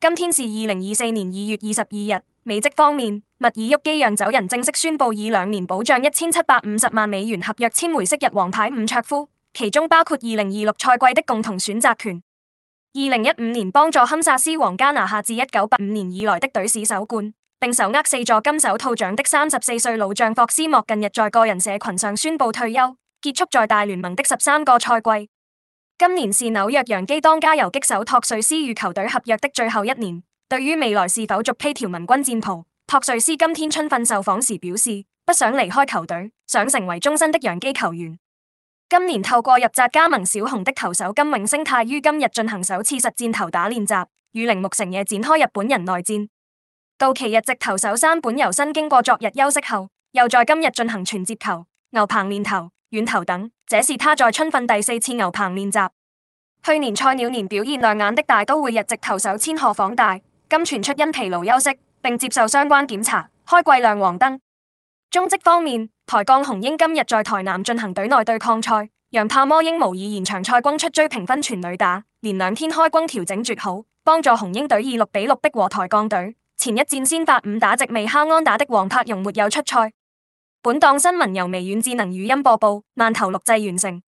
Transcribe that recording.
今天是二零二四年二月二十二日。美職方面，密爾沃基讓走人正式宣布以兩年保障一千七百五十萬美元合約簽回昔日皇牌伍卓夫，其中包括二零二六賽季的共同選擇權。二零一五年幫助堪薩斯皇家拿下自一九八五年以來的隊史首冠，並手握四座金手套獎的三十四歲老將霍斯莫近日在個人社群上宣布退休，結束在大聯盟的十三個賽季。今年是紐約洋基當家游擊手托瑞斯與球隊合約的最後一年，對於未來是否續披條紋軍戰袍，托瑞斯今天春訓受訪時表示，不想離開球隊，想成為終身的洋基球員。今年透過入札加盟小熊的投手今永昇太於今日進行首次實戰投打練習，與鈴木誠也展開日本人內戰。到期日籍投手山本由伸經過昨日休息後，又在今日進行傳接球、牛棚練投、遠投等，這是他在春訓第四次牛棚練習。去年菜鳥年表現亮眼的大都會日籍投手千賀滉大今傳出因疲勞休息並接受相關檢查，開季亮黃燈。中職方面，台鋼雄鷹今日在台南進行隊內對抗賽，洋炮魔鷹無意延長賽轟出追平分全壘打，連兩天開轟調整絕好，幫助雄鷹隊以六比六逼和台鋼隊。前一戰先發五打席未敲安打的黃柏融沒有出賽。本檔新聞由微軟智能語音播報，慢投錄製完成。